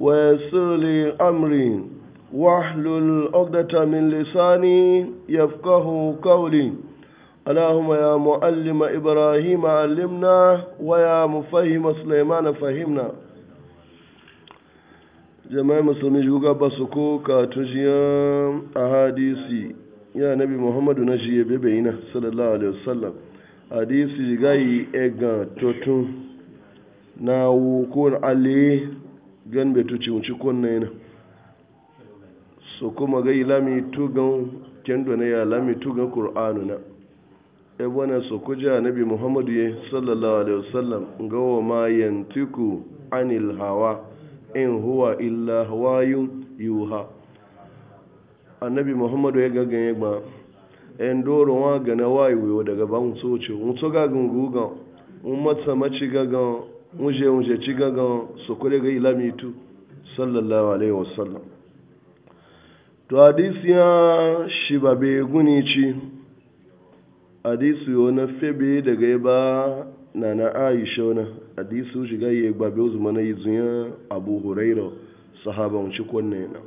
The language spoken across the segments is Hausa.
ويسر لي أمري واحلل عقدة من لساني يفقه قولي اللهم يا معلم إبراهيم علمنا ويا مفهم سليمان فهمنا jama'a musulmi juga ba su ko katujiyar a hadisi ya nabi muhammadu na shi yabe bayina sallallahu alaihi wasallam hadisi gayi egan totun na wukun ali gan bai tuci wuce kwanne yana so kuma ga yi lami tugan kendo na ya lami tugan ƙur'anu na ebe na so kuja annabi muhammadu ya sallallahu alaihi wasallam ga wa ma yantiku anil hawa in huwa illa hawayun yuha annabi muhammadu ya gagan ya gba en doro wa gana wayo daga ban soce mun so gagan gugan mun mata maci gagan muje muje ci gangan su kure ga ilamitu sallallahu alaihi wasallam to hadisi ya shi ba bai guni ci hadisi yau na febe daga ya ba na na aisha wani hadisi shiga ya gbabe uzumana yi zuyan abu huraira sahaban ci kwanne na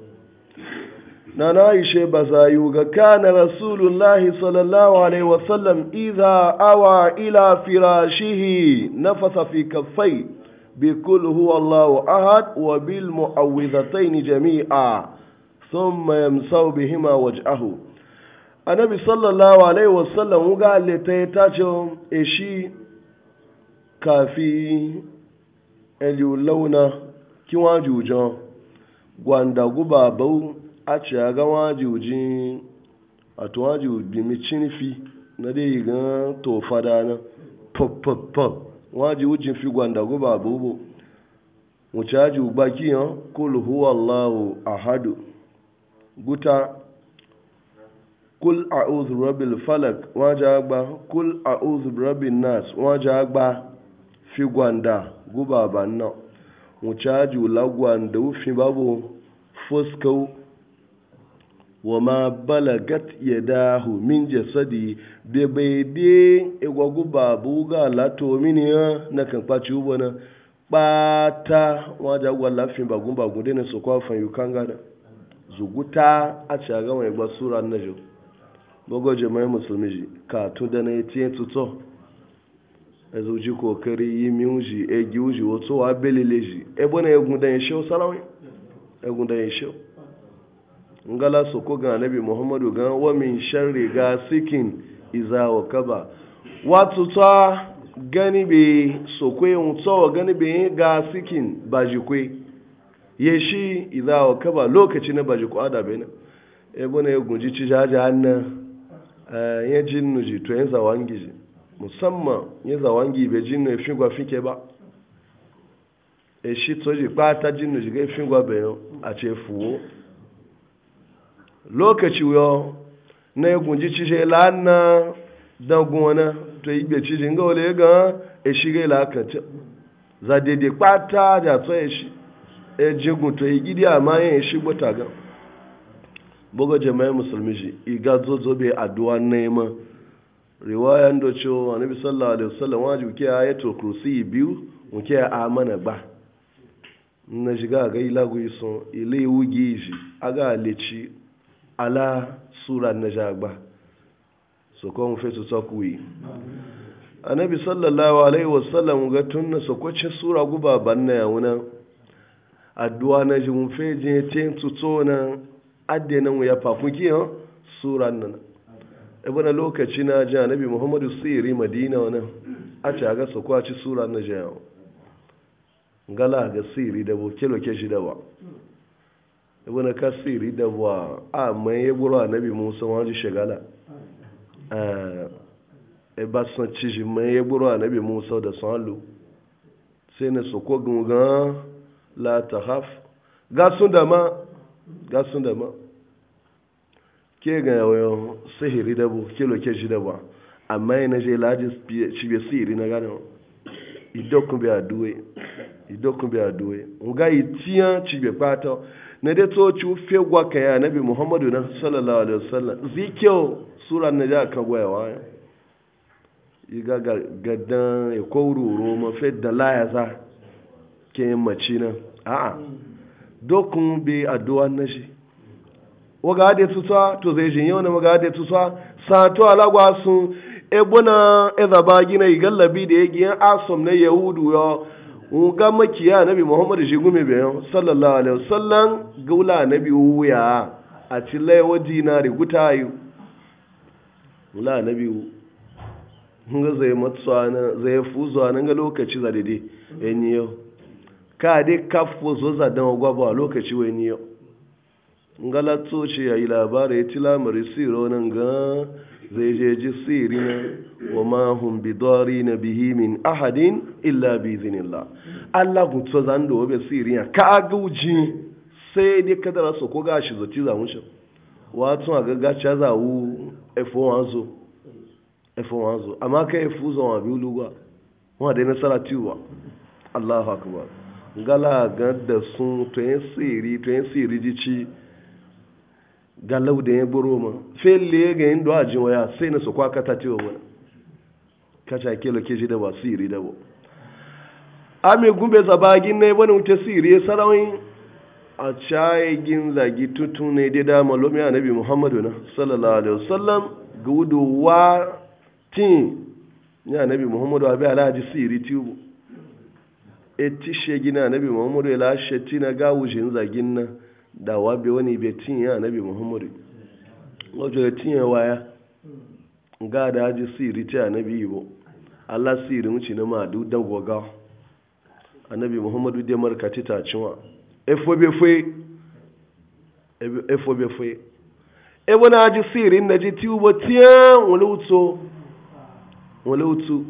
na na ishe ba zayu ga kana rasulullahi sallallahu alaihi wasallam idha awa ila firashihi nafasa fi kaffai بكل هو الله أحد وبالمعوذتين جميعا ثم يمسو بهما وجهه النبي صلى الله عليه وسلم قال لتيتاتهم إشي كافي اللي launa كيوان جوجان gwanda guba bau a chaga a ga wajuji a to wajuji mi cinifi na dai ga to na pop pop pop wajuji fi gwanda guba bubu mucaji baki yan kul huwa allahu ahadu guta kul a'udhu rabbil falak waja agba kul a'udhu birabbin nas waja agba fi gwanda guba banna mucaji lagwanda fi babu fuskau wama balagat yadahu min jasadi be bai de egwagu babu ga lato mini na kan kwaci ubo na bata waje agwa lafin bagun bagun dai na sokwa fan yukan gada zuguta a ci ga mai gba sura na jo bogo musulmi ka to da na yati tuto ezu ji yi miuji egi uji wato wa belele ji ebo na egun da yin shehu sarawin egun da yin ngala su ko ga nabi muhammadu ga wa min sharri ga sikin iza wa kaba wato ta gani be so kwe wa gani be ga sikin baji kwe ye shi iza wa kaba lokaci na baji ada be na e bona ya gunji ci jaja hanna eh, ya jinnu ji to ya zawangi ji musamman ya zawangi be jinnu ya fingwa fike ba e shi to ji pata jinnu ji ga fingwa be a ce fuwo lokaci yo na ya kunji cije la'anna dan gona to yi be cije nga wale ga e shige la ka ta za de de pata da to e shi e jigun to yi gidi amma yin e shi gbota ga bogo jama'i musulmi shi iga zozo be addu'a nema riwayan da cewa annabi sallallahu alaihi wasallam wajibi ke ayatul kursi biyu muke amana ba na shiga ga ilagu iso ile wugi shi aga leci ala sura na jagba so kuma mu fesu tsakuwi annabi sallallahu alaihi wasallam ga tunna so kwace sura guba banna ya wuna addu'a na ji mun fe je tin tuto na adde nan ya fa ku ha sura nan bana lokaci na ji annabi muhammadu sirri madina wana a ci ga so kwace sura na jawo ngala ga sirri da bo ke shi da ba ibn kasiri da ba a mai ya gura nabi musa ma ji shagala a eh, eh, ba san ci shi mai ya gura nabi musa da san lu sai na so ko gungan la ta haf ga sun da ma ga sun da ma ke ga yawo sihiri da bu ke loke shi da ba amma yana je laji ci be sihiri na gane idokun be aduwe idokun be aduwe nga itiyan ci be pato na dai tsoci fegwa ka ya nabi muhammadu na sallallahu alaihi wasallam zikiyo sura na da ka goya waya ga gadan ya ruru ma fe da ya za ke mace a a dokun bi addu'a na shi waga ade tusa to zai jin yau na waga ade tusa to alagwa sun ebuna ezaba gina igallabi da ya giyan asom na yahudu yau nga makiya nabi muhammad shi gume bayan sallallahu alaihi wasallam gaula nabi wuya a cile waji na riguta yi la nabi nga zai matsuwa na zai fuzuwa na ga lokaci za dede yanyi yau ka dai kafo zo za dan gwaba lokaci wai ni yau nga latso ya yi labarai tilamari siro nan ga zai je siri na wa mahun bidori na bihi ahadin illa bi izinillah Allah gutso zan da wabe siri ya ka gauji sai dai kadara so ko ga shi zoti za mu shi wato a ga gacha za wu efo wanzo efo wanzo 1 zo amma kai F1 zo wa lugwa wa dai Allahu akbar gala ga da sun to yin siri to yin siri ji ci ga da ya buru ma le ga indo ajin waya sai na su kwa kata tewa mana kacha ke ji da ba siri da ba ami gumbe zabagin ne wani wuce siri ya sarawin a gin zagi tutu ne dai da malumi annabi muhammadu na sallallahu alaihi wasallam wa tin ya annabi muhammadu abi alhaji siri tubu e tishe gina annabi muhammadu ya lashe tina jin zagin nan da wabe wani bai tinye a muhammadu wajen ya cinye waya ga da haji siri ta nabi ibo allah siri muci na madu da goga a muhammadu da markati ta cinwa efobe fe ebe na haji siri na ji ti ubo tiyan wale utu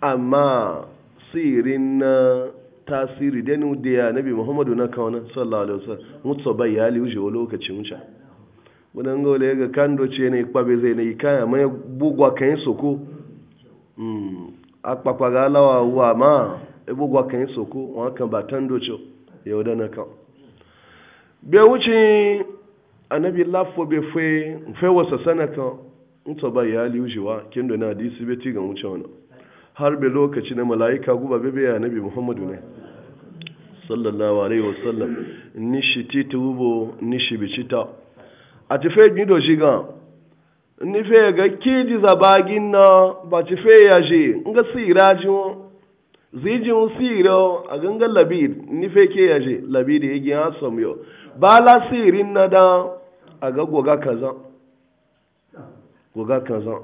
amma siri na tasiri da nu da nabi muhammadu na kawana sallallahu alaihi wasallam mutsa bai ya li uje lokacin wuce wannan ga wale ga kando ce ne kwabe zai ne kaya mai bugwa kan soko mm akpakpa ga lawa wa ma e bugwa kan soko wa kan ba tando ce yau da na kan be wuce anabi lafo be fe fe wasa sanaka mutsa bai ya li uje wa kendo na hadisi be ti ga wuce wannan har bai lokaci na mala'ika guba bebe ya nabi muhammadu ne sallallahu alaihi wasallam nishi titi wubo nishi bicita a ti fe do shi gan ni fe ga kiji zabagin na ba ti fe ya je nga sira ji won ziji won sira a gangan labid ni fe ke ya je labid ya e gi asam yo ba la sirin na da a ga goga kaza goga kaza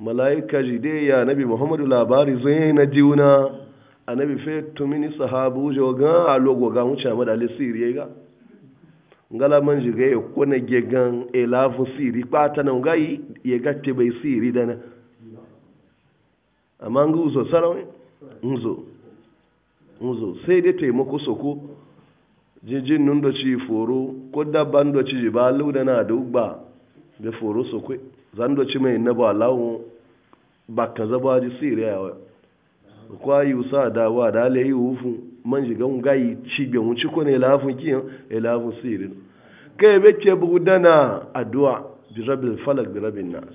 malaika ji dai ya nabi muhammadu labari zai na jiuna annabi fe tumini sahabu jo ga a logo ga mu chama da lisiri ga ngala man ji e ga ko na ge gan e siri pata na ngai ye ga bai siri dana amma ngu uzo sarawai nzo nzo sai dai taimako soko jijin nun da ci foro ko dabban da ci ba lu da na dubba da foro sokwe zan doci mai na ba lawon ba ka zaba ji siri yawa kwa yi wusa da wa da ala yi wufu man shiga gayi cibe mu ci kone lafin kiyan ya e lafin siri kai bai ke bugu dana addu'a bi rabin falak bi rabin nas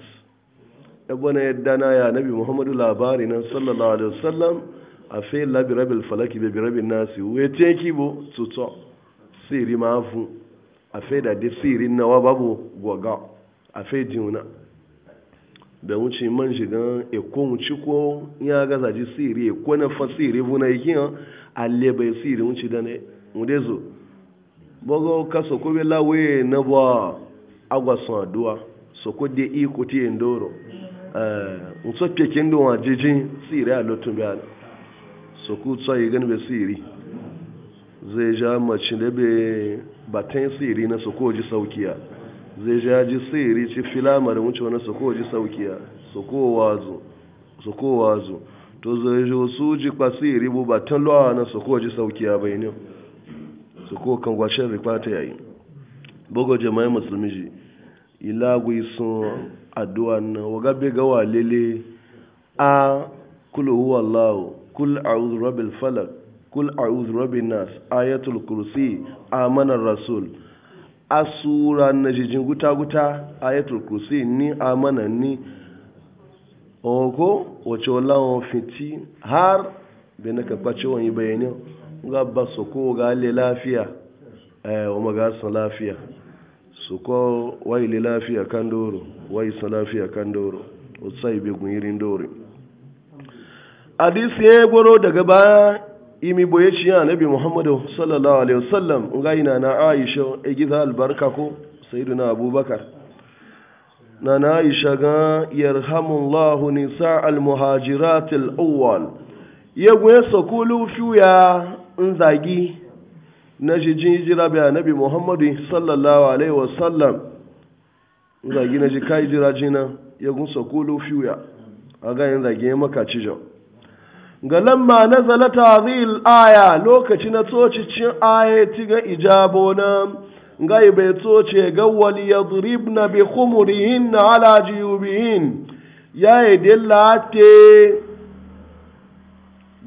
yadda na ya nabi muhammadu labari nan sallallahu alaihi wasallam a fe labi rabin falak bi rabin nas we te kibo tuto siri fun a fe da de siri na wa babu goga a fe jiuna da wuce man shigan eko wuce ko ya gaza ji siri eko na fa siri bu na ikin alle bai siri wuce da ne mude zo bogo ka so ko bela we na ba agwa so adua so ko de iko ti ndoro eh so pe kin jijin siri a lotun bi ala so ku tsa be siri zai ja mace be batan siri na so ko ji saukiya zai ja ji siri ci filamar wuce wani soko ji saukiya soko wazo wazo to zai jo su ji kwa siri bu ba tan lawa na soko ji saukiya bai ne soko kan gwashin rifata yayi bugo jama'a musulmi ji ila gwi sun addu'a na waga be ga walele a kul huwa allah kul a'udhu rabbil falaq kul a'udhu rabbin nas ayatul kursi amana rasul asura na jijin guta-guta ayatul kursi ni amana ni oko wace lawan fiti har bai na kafa ciwon yi bayanin ga ba su ko ga le lafiya eh o maga su lafiya su ko wai le lafiya kan doro wai su lafiya kan doro o sai be gunyirin doro hadisi ya goro daga baya imi boye shi ya nabi muhammadu sallallahu alaihi wasallam ga na aisha e gida albarka ko na abubakar na na aisha ga yarhamullahu nisa almuhajirat alawwal ya gwe kulu fiya nzagi na jijin jira bi nabi muhammadu sallallahu alaihi wasallam nzagi na ji kai jira jina ya gun sokulu fiya aga yin zagi maka cijo ga lamma na zalata zil aya lokaci na tsocicin aya ti ga ijabo na gai bai tsoce ga wali ya na bi kumurihin na ala jiyubihin ya yi dillate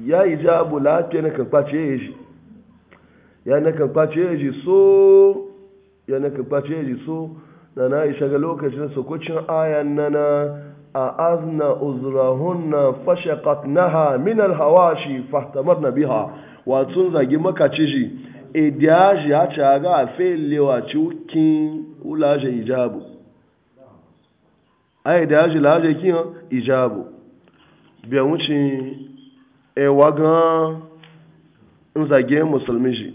ya ijabu lafiya na kan kwace ya shi ya na kan kwace ya so ya na kan kwace ya so na na isha ga lokacin sokocin ayan nana na أعذن أزرهن فشقتنها من الهواشي فاحتمرن بها واتسون زاجي مكا تشيجي إدياجي هاتشاغا في اللي واتشوكين ولاجي إجابو أي إدياجي لاجي كين إجابو بيوشي إيواغا نزاجي مسلميجي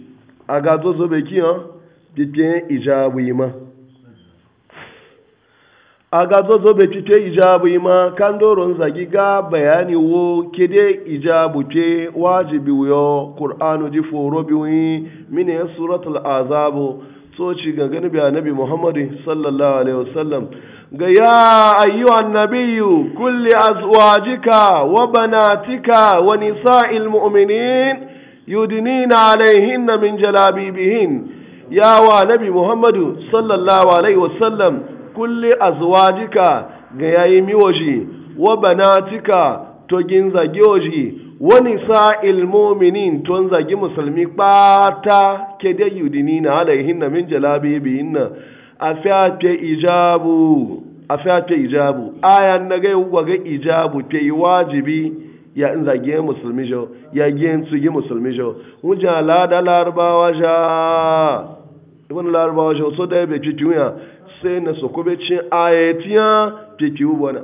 أغادو زوبي كين تتين إجابو يما aga zozo be tite ijabu ima kandoron zagi ga bayani wo kede ijabu ce wajibi yo qur'anu ji foro biwi mine suratul azabu so ci ga gani bi annabi muhammadu sallallahu alaihi wasallam ga ya ayyuha annabiyyu kulli azwajika wa banatika wa nisa'il mu'minin yudnina alaihinna min jalabibihin ya wa nabi muhammadu sallallahu alaihi wasallam kulle azwajika ga yayi miwoji wa banatika to gin zagi oji wani sa'il mominin ton zagi musulmi ɓata ke da yudini na alaihin na min jalabi biyin na a fiye ijabu a fiye ijabu ayan na gai wa ga ijabu ke yi wajibi ya in zagi musulmi jo ya gen su gi musulmi jo wujan da larabawa ja ibn larabawa jo so da ya bai cikin sai na soko be cin ayatiya ke ki ubona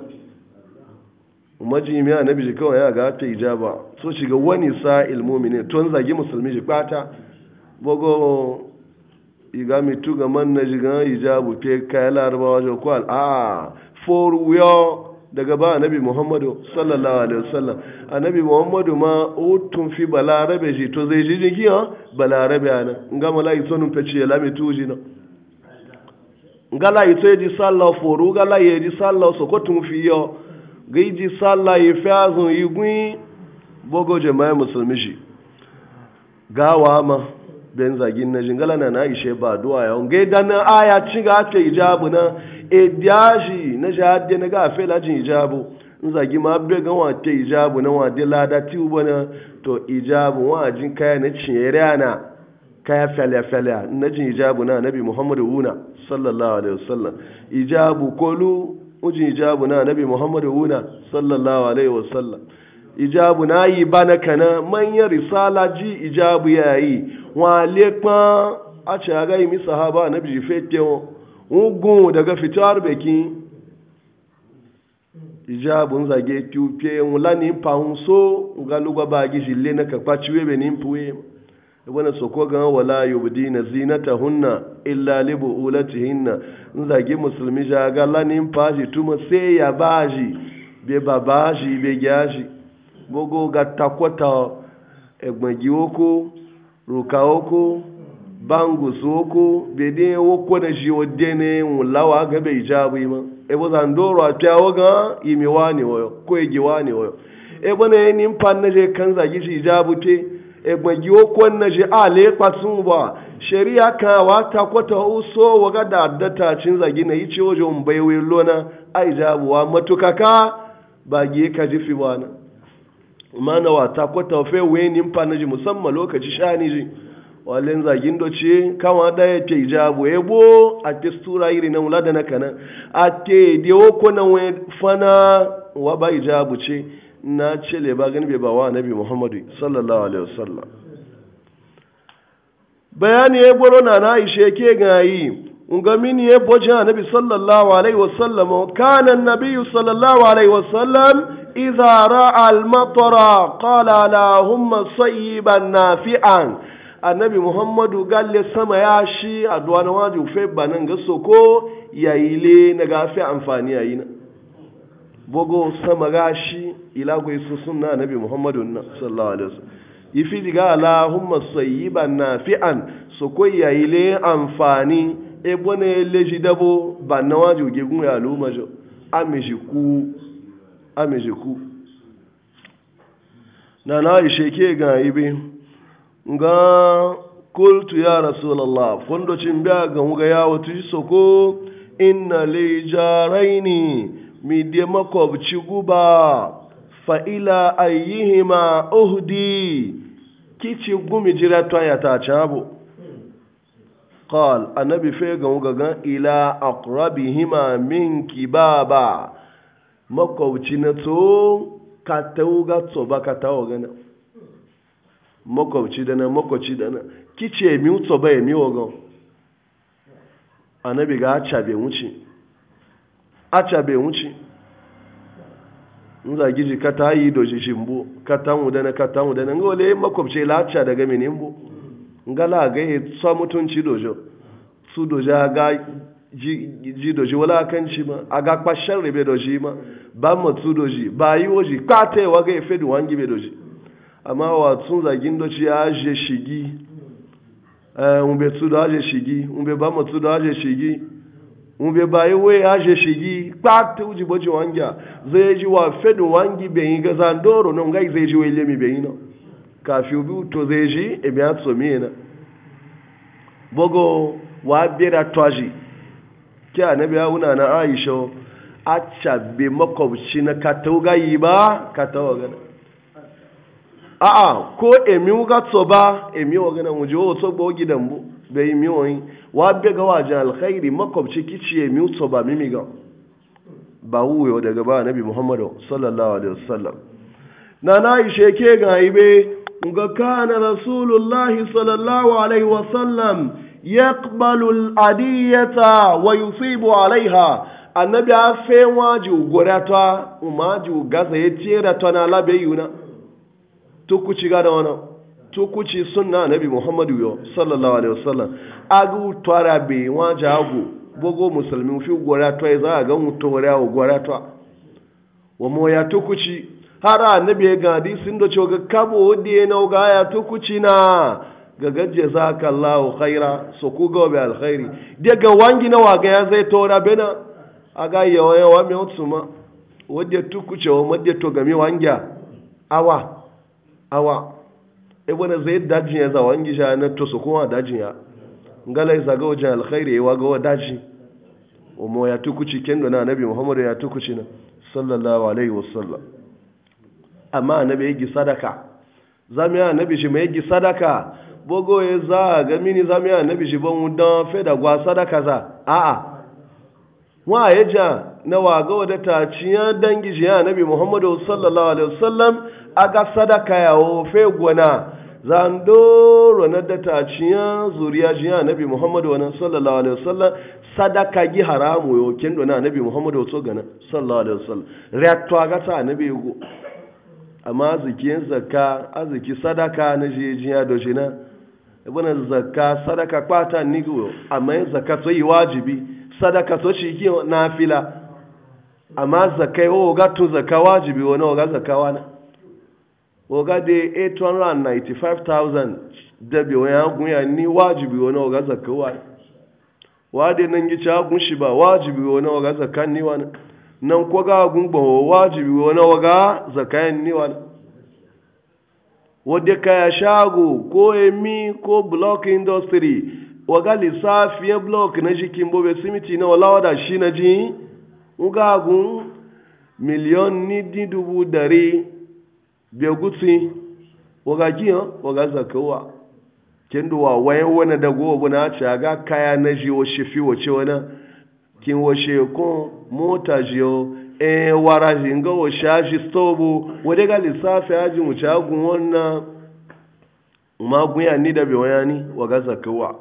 majimi annabi ji kawai ya ga ta ijaba so shiga wani sa ilmomi ne tun zagi musulmi shi kwata bogo iga mi tuga man na jiga ijabu ke kai larabawa jo kwal a for wiyo daga ba nabi muhammadu sallallahu alaihi wasallam nabi muhammadu ma tun fi balarabe shi to zai shi jigi balarabe ana gama la isonu peci ya lami tuji na ngala yi tsoye ji sallah foru ngala yi ji sallah soko tun fi yɔ ga yi ji sallah yi fi azun yi gwi bogo jama'a musulmi shi gawa ma ben zagin na jingala na nana ishe ba duwa ya nga da na aya ci ga ta ijabu na e diaji na jadde na ga fe lajin ijabu in zagi ma be ga wa ta ijabu na wa de lada ti ubana to ijabu wa jin kaya na ciyere na kaya fyalyafyalya na jin ijabu na nabi muhammadu wuna sallallahu alaihi wasallam ijabu kolu ujin ijabu na nabi muhammadu wuna sallallahu alaihi wasallam ijabu na yi ba na kana manyan risala ji ijabu ya yi wa lekpan a ce a gai misa ha ba nabi jife tewo ugun daga fitar bekin ijabu n zage tupe wula ni pa so ga lugwa ba gishi le na kakpa ciwe be ni mpuwe ma wani soko ga wala yubdi na zinata hunna illa libu ulati hinna in zagi musulmi ja ga lanin fashi tuma sai ya baji be babaji be gyaji gogo ga takwata egbagi oko ruka oko bangu soko be de woko na shi ode ne wulawa ga be ijabu ima ebo zandoro atyawo ga imiwani oyo ko egiwani oyo ebo na nin pan na je kan zagi shi ijabu te egbagi okon na ji ale kwatsun ba shari'a wa ta kwata uso waga da addata cin zagi na yi ce wajen baiwe lona ai jabuwa matukaka ba ge ka e ji fi bana mana wa ta kwata fe wenin fa na ji musamman lokaci shani ji walin zagin ce kama da ya e ke jabu ebo a ke stura iri na wula da na kana a ke dewo ko na fana wa ba ijabu ce na cele ba gani bai ba wa nabi muhammadu sallallahu alaihi wasallam bayani ya gwaro na na ishe ke gayi ga mini ya boje nabi sallallahu alaihi wasallam kana nabi sallallahu alaihi wasallam idza ra'a al-matara qala allahumma sayyiban nafi'an annabi muhammadu galle sama ya shi addu'a na wajibi fe banan ga soko yayile na gafi amfani yayina bogo sama gashi ila ko isu sunna nabi muhammadu sallallahu alaihi wasallam ifi diga allahumma sayyiban nafi'an fi'an ko yayi le amfani e bone leji dabo ba na waju gegun ya luma jo amejiku na na ishe ke ga ibe nga kultu ya rasulallah fondo cin biya ga muga ya watu soko inna li ne midye makwabci guba fa'ila ayyihima uhdi kici gumi jira ya ta cabo qal annabi fe ga gagan ila aqrabihima min kibaba makwabci na to ka tauga to ba ka tawo gana makwabci da na makwabci da na kice mi to emi mi wogon ga chabe acha bai wuce in zagi ji kata yi doji mbu. kata mu dana kata mu dana ngole makwabce lacha daga mini mbu ngala ga ya tsa mutunci dojo su doja ga ji doji wala kan shi ma a ga kwashen ribe doji ma ba mu su doji ba yi woji kata yawa ga ya duwan gibe doji amma wa sun zagin doji ya aje shigi eh, umbe su da aje shigi umbe ba ma su aje shigi mube bayi we aje shigi kpata uji boji wangia zeji wa fedu wangi benyi gaza ndoro no ngai zeji we lemi benyi no kafi ubi uto zeji ebe atso miena bogo wa bera twaji kya annabi ya una na Aisha acca be makwabci na katau gayi ba katau a a'a ko emi uga tsoba emi wa gana muje wo so gbo gidan bu bai miyoyin wa bega wajen alkhairi makwabci kiciye miuto ba mimiga ba wuyo daga ba nabi muhammadu sallallahu alaihi wasallam na na ishe ga ibe ga kana rasulullahi sallallahu alaihi wasallam yaqbalu al-adiyata wa yusibu alaiha annabi a fe waji gorata umaji gaza ya tira tana labe yuna tukuci da wannan tokuci sunna nabi muhammadu yau sallallahu alaihi wasallam agu twara be waja agu bogo musulmi fi gora to za a ga mutora wa gora to wa mo ya to ku tokuci hara nabi ga di sun do ga kabo ya nau ga ya to ku tokuci na ga gajje za zakallahu khaira so ku ga bi alkhairi ga wangi na waga ya zai tora bena aga yawa yawa mi otsuma wadde tukuce wa madde to game wangiya awa awa e wani zai dajin ya zawa ngi ja na to su kuma dajin ya ngalai isa ga wajen alkhairi wa ga daji umu ya tukuci kendo na nabi muhammad ya tukuci na sallallahu alaihi wasallam amma annabi yagi sadaka zamiya annabi shi mai yi sadaka bogo ya za ga mini zamiya annabi shi ban wudan fe da gwa sadaka za a'a wa ya na waga da taciya dangi jiya nabi muhammadu sallallahu alaihi wasallam aga sadaka ya fe gwana zandoro na da taciya zuriya jiya nabi muhammadu wa sallallahu alaihi wasallam sadaka gi haramu yo do na nabi muhammadu so gana sallallahu alaihi wasallam reacto aga ta nabi go amma zikin zakka aziki sadaka na jiya do jina ibana zakka sadaka kwata go amma zakka to yi wajibi sadaka to shi ki nafila amma zakai o ga tun zaka wajibi wani o ga zaka wani o ga de 895,000 dabi wani agun ya ni wajibi wani o ga zaka wani wa de nan gici agun shi ba wajibi wani o ga zaka ni wani nan ko ga agun ba wajibi wani o ga zaka ni wani wadda ya shago ko emi ko block industry waga lissafi ya block na jikin bobe simiti na walawa da shi na jini ugagun miliyon ni di dubu dari bai gutsi waga jiya waga zakawa kin wayan wani da gobe na ce ga kaya na ji wa shifi wa ce wani kin wa ko mota ji o eh wara jinga wa shaji stobu wadai ga lissafi ajin wuce agun wannan ya ni da ni wayani waga zakawa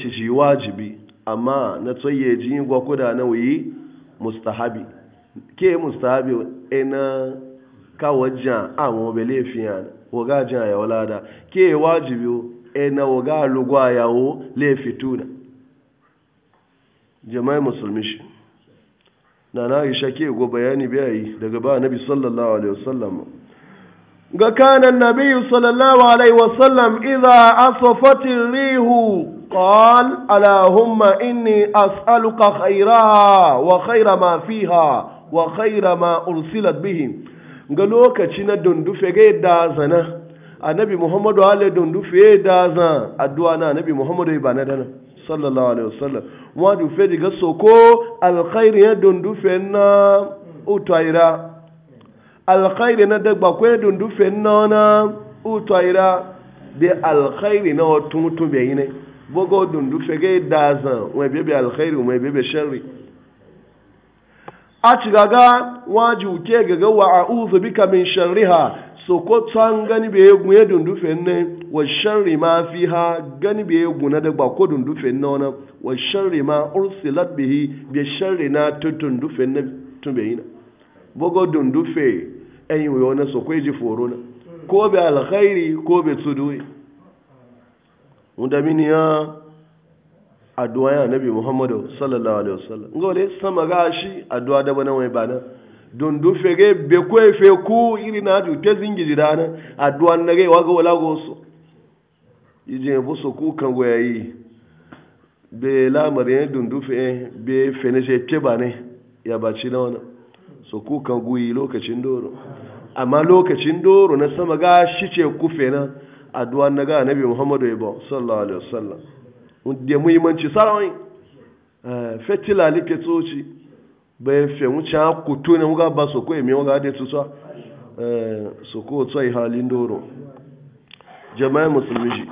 ci ji wajibi amma na tsaye ji gwa kuda na wuyi mustahabi ke mustahabi ina kawajan àwọn obele fiyan waga jan ya walada ke wajibi ina waga lugwa yawo le fituna jama'i musulmi shi na na aisha ke go bayani bai daga ba nabi sallallahu alaihi wasallam ga kana nabi sallallahu alaihi wasallam idza asafat rihu قال اللهم اني اسالك خيرها وخير ما فيها وخير ما ارسلت به قالوا كتشنا دندوفي قيدا زنا النبي محمد عليه دندوفي قيدا زنا أدوانا النبي محمد يبانا دنا صلى الله عليه وسلم وادو فيدي غسوكو الخير يدندوفي نا أتايرا الخير ندقبا كوي دندوفي نا أتايرا بألخير نا وتمتو بيني bogo dundu fege dazan wai bebe alkhairi ebe bi sharri a ci gaga waju ke gaga wa a'udhu bika min sharriha so ko tan gani be egun ye dundu fenne wa sharri ma fiha gani be egun na dagba ko dundu fenne ona wa sharri ma ursilat bihi bi sharri na tundu fenne tun be yina bogo dundu fe en yi wona so ko ji foro na ko bi alkhairi ko be tudui wanda mini ya addu'a ya nabi muhammadu sallallahu alaihi wasallam nga wale sama ga shi addu'a da bana wai bana don du fege be ko e ku iri na ju te zingi jirana addu'a na ga waga wala go so ije bu so ku kan go yayi be la don du fe be fe je te bane ya na wana so ku kan guyi lokacin doro amma lokacin doro na sama ce ku fe na addu'a na ga annabi muhammadu ibo sallallahu alaihi wasallam da muhimmanci sarawai eh, fetila like tsoci bai fe wuce ha kutu ne muka ba soko emi muka da tutsa eh, soko yi halin doro jama'a musulmi ji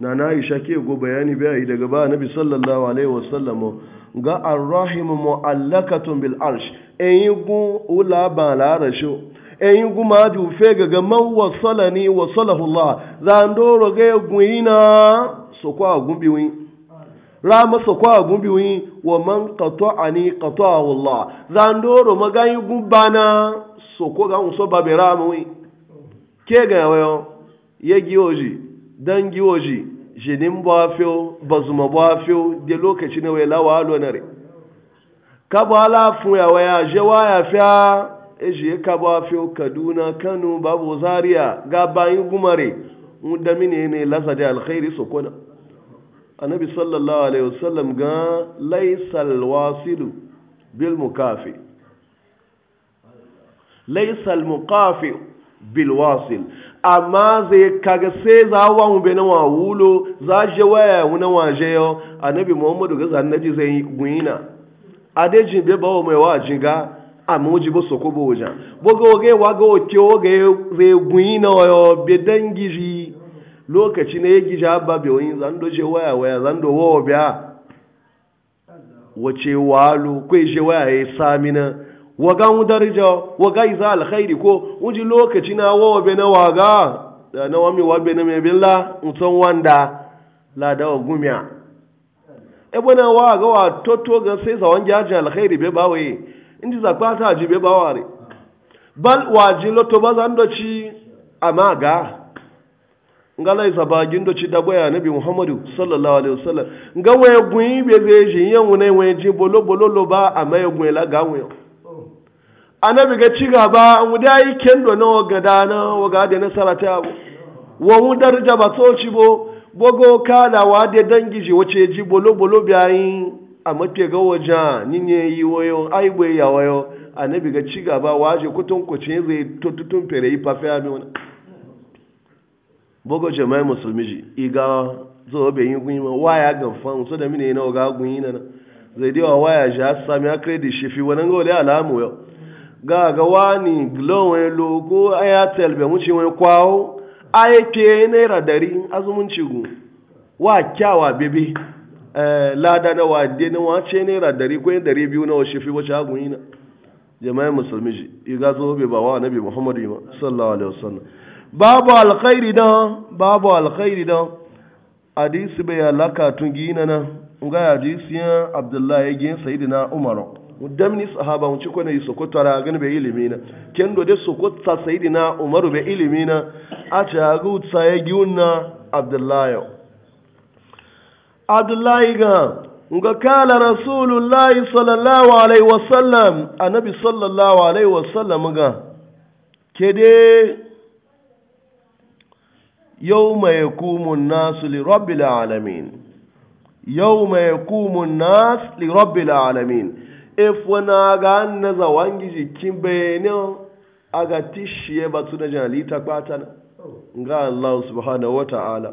na na aisha ke go bayani bai yi daga ba annabi sallallahu alaihi wasallam ga arrahim mu'allakatun bil arsh eyin gun ula ba la arsho eyin guma ju fe gaga man wasala ni wasalahu Allah za ndoro ga na so kwa gumbi wi rama so kwa gumbi wi wa man qata'ani qata'ahu Allah za ndoro magayi gumbana so ko ga so babe rama wi ke ga wayo yegi oji dangi oji jinin ba fiyo bazuma ba fiyo da lokaci ne wai lawa alonare ka ba fun ya waya je waya fiya eji ya kaba fiyo kaduna kano babu zaria ga bayan gumare mu da mini ne lasa da alkhairi su kuna annabi sallallahu alaihi wasallam ga laisal wasilu bil mukafi laisal mukafi bil wasil amma zai kaga sai za wa mu bena wa wulo za je waya wuna wa je yo annabi muhammadu ga zannaji zai guyina adejin be bawo mai wa jinga amuji bo soko boja boga oge wa waga oke oge regwin na oyo bedan giri lokaci na yegi ja babe oyin zando je waya waya zando wo bia wace walu kwe je waya ya e samina waga mudarja waga iza alkhairi ko uji lokaci na wo be na waga da eh, na wami wabe na mebilla mutan wanda la da gumiya ebona waga wa toto ga sai zawan ji alkhairi be bawaye indi zakwa ta jibe baware bal wajin loto bazan doci amaga ngala isa bagin doci da boya nabi muhammadu sallallahu alaihi wasallam nga waye gwi be veji yan wune waye ji bolo bolo lo ba amaye gwi la gawe anabi ga ci gaba mu dai kendo no gada na waga da nasara ta abu wa mu darja ba ci bo bogo kada wa de dangi ji wace ji bolo bolo biyayin a mafi ga wajen ninye yi wayo ai bai ya wayo annabi ga ci gaba waje kutun kuce zai tututun fere yi fafe a miwana bogo jama'i musulmi ji iga zo be yin gunyi waya ga fan so da mine na ga gunyi na zai dewa waya ja sami a credit shi fi wannan ga wale alamu yau ga ga wani glow wani logo ayatel be muci wani kwawo ayake naira dari azumunci gu wa kyawa bebe Eh, lada na wade na wace naira dari ko dari biyu na washe fi wace hagun yi na jama'in musulmi shi iga zo bai ba wa nabi muhammadu ma sallallahu alaihi wasallam babu alkhairi da babu alkhairi da hadisi bai alaka tun gina na ga hadisi ya abdullahi ya gina sayyidina umar ni sahaba mun ci ko ne sokoto ra gani bai ilimi na do de sokoto sayyidina umar bai ilimi na a ta ga utsa ya gina abdullahi abdullahi ga ga kala rasulullahi sallallahu alaihi wasallam annabi sallallahu alaihi wasallam ga ke dai yau mai kumun nasu li rabbil alamin yau mai kumun nasu li rabbil alamin if wani ga an na zawon gijikin bayanin aga tishiye batu na jalita kwatana oh. ga Allah subhanahu wa ta'ala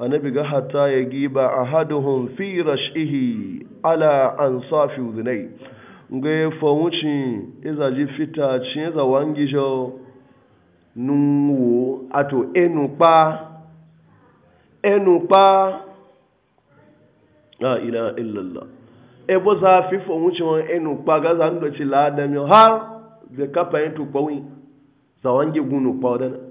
annabi ga hata ya giba a haduhun fi rashihi ala an safi udunai ga ya fahimci izaji fita cin za wangi jo nuwo ato enu enupa enu ila illallah ebo za fi fahimci wani enu ga za ndo ci har da kafa yin tukwawi za wangi gunu pa wadana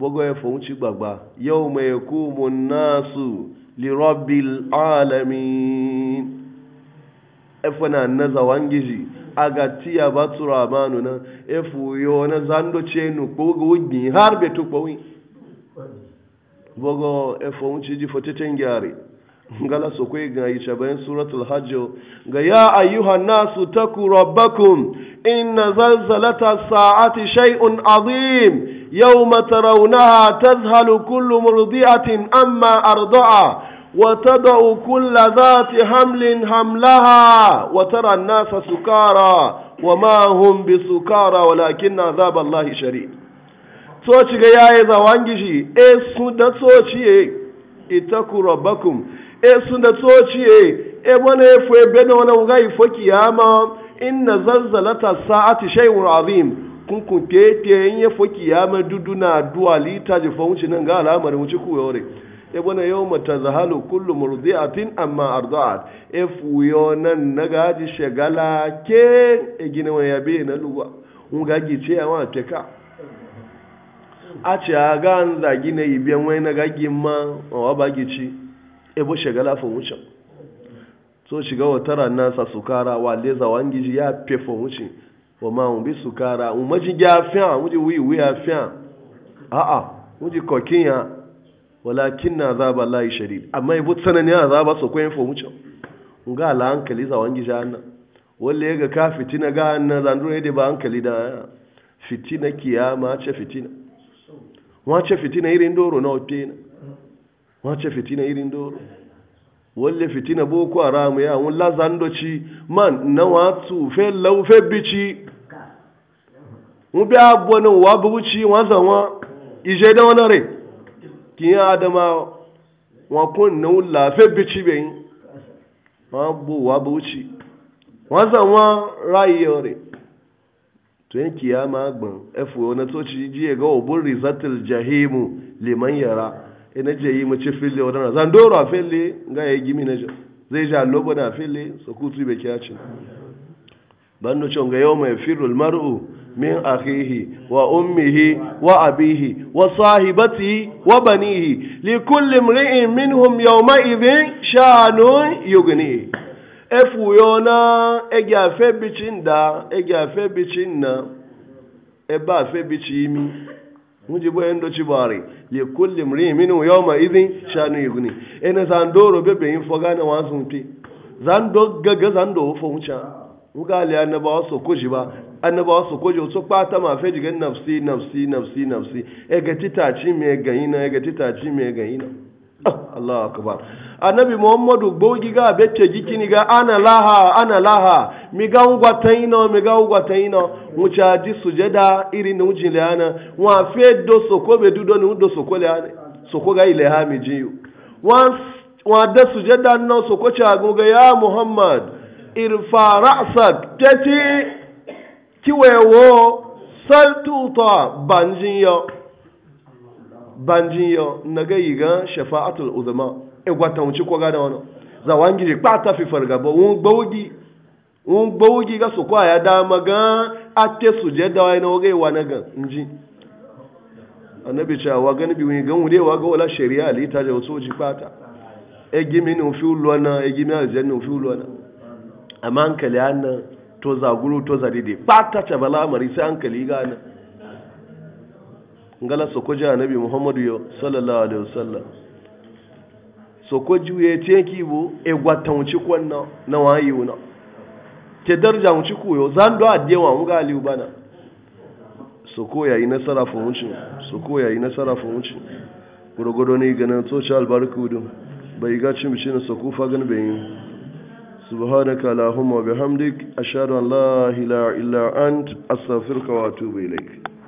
bogo ya fahimci gbagba yau mai kumun nasu lirabbil alamin efana na zawangiji agatiya batura manu na efu yo na zando chenu kpogo wugbi har betu kpowi bogo efo unchi ji foteten gyari gala su kai ga shabayin suratul hajjo ga ya ayyuhan nasu taku rabbakum inna zalzalata sa'ati shay'un azim yawma tarawunaha tazhalu kullu murdi'atin amma arda'a wa tad'u zata dhati hamlin hamlaha wa tara su nasa sukara wa ma hum bisukara walakin azaba allahi shadid so ci ga yayi zawangishi e su da so ciye itaku rabbakum esu da tsociye e eh, wani efu ebe na wani wuga ifo kiyama inna zalzalata sa'ati shay'un azim kun kun te in ya fo kiyama duduna duwa lita je fo wuce nan ga alamar wuce ku yore e wani yau mata zahalu kullu murdi'atin amma arda'at e fu yo nan na gaji shagala ke e gina wani yabe na lugwa mun ga gi ce awon teka a ce a ga an zagi na ibe wani na gagi ma wa ba gi ci ebo shagala fa wuce so shiga watara nasa sukara wa leza wangiji ya pefa wuce wa ma mu bi sukara un maji ya fiya wuji wi wi ya fiya a'a wuji kokin ya walakin na azaba lahi shadid amma ibu tsanani azaba so koyin fa wuce mu ga la hankali za wangiji anna walle ga ka fitina ga anna zanduro yadda ba hankali da fitina kiyama ce fitina wace fitina irin doro na ofe na wace fitina irin doro walle fitina boko haram ya wun lazan doci man na watu fe lau fe bici mun bi abuwa na wa buci wa zanwa ije da wani re kin ya adama wa kun na wula fe bici bai wa bu wa buci wa zanwa rayi re to yin kiyama gban efu wani toci jiye ga obin rizatil jahimu liman yara ina je yi mace fili wadana zan zandoro a fili ga ya gimi na zai ja lobo na fili su kutu bai kya cin bando cin ga yau mai firul mar'u min akhihi wa ummihi wa abihi wa sahibati wa banihi li kulli imri'in minhum yawma idhin shanu yughni efu yona ege afe bichin da ege afe bichin na ebe afe bichi muji boyen do cibari li kulli mri minu yawma idhin shanu yugni ene zan doro bebe yin foga na wasun ti zan do gaga zan do fo mucha muga li annaba so koji ba annaba so koji so pata ma fe diga nafsi nafsi nafsi nafsi e ga titaci me ga ina e ga titaci me ga ina ah, Allah akbar annabi muhammadu gbogi ga bece jikini ga ana laha ana laha mi ga ngwata ino mi ga ngwata ino mucha ji sujada iri ni wuce le ana wa fe do soko be dudo ni do soko le ana soko ga ile ha mi jiyu wa da sujada no soko cha ga ya muhammad irfa ra'sak tati kiwewo saltuta banjiyo banjiyo naga yiga shafa'atul uzama egwata wuce ko gada wani za wangi ji kpata fi fargaba wun gbawugi wun gbawugi ga su kwaya dama gan ate su je da wani wagai wa na gan nji annabi cewa wa gani bi wani gan wude wa ga wala shari'a ali ta je wasu ji kpata egi min un fi ulwa na egi min aljanna un fi ulwa na amma hankali ana to za guru to za dide kpata ta bala mari sai hankali ga nan ngala sokoja anabi muhammadu yo sallallahu alaihi wasallam so ko juye ce ki bo e gwata wuci kwanna na wayi wuna Ke darja wuci koyo zan do wa mu gali bana so ko yayi nasara fa wuci so ko yayi nasara fa wuci gurgudo ne ganin social barkudu bai ga cin bishi na ku fa gan bai subhanaka allahumma bihamdik ashhadu an la ilaha illa ant astaghfiruka wa atubu ilaik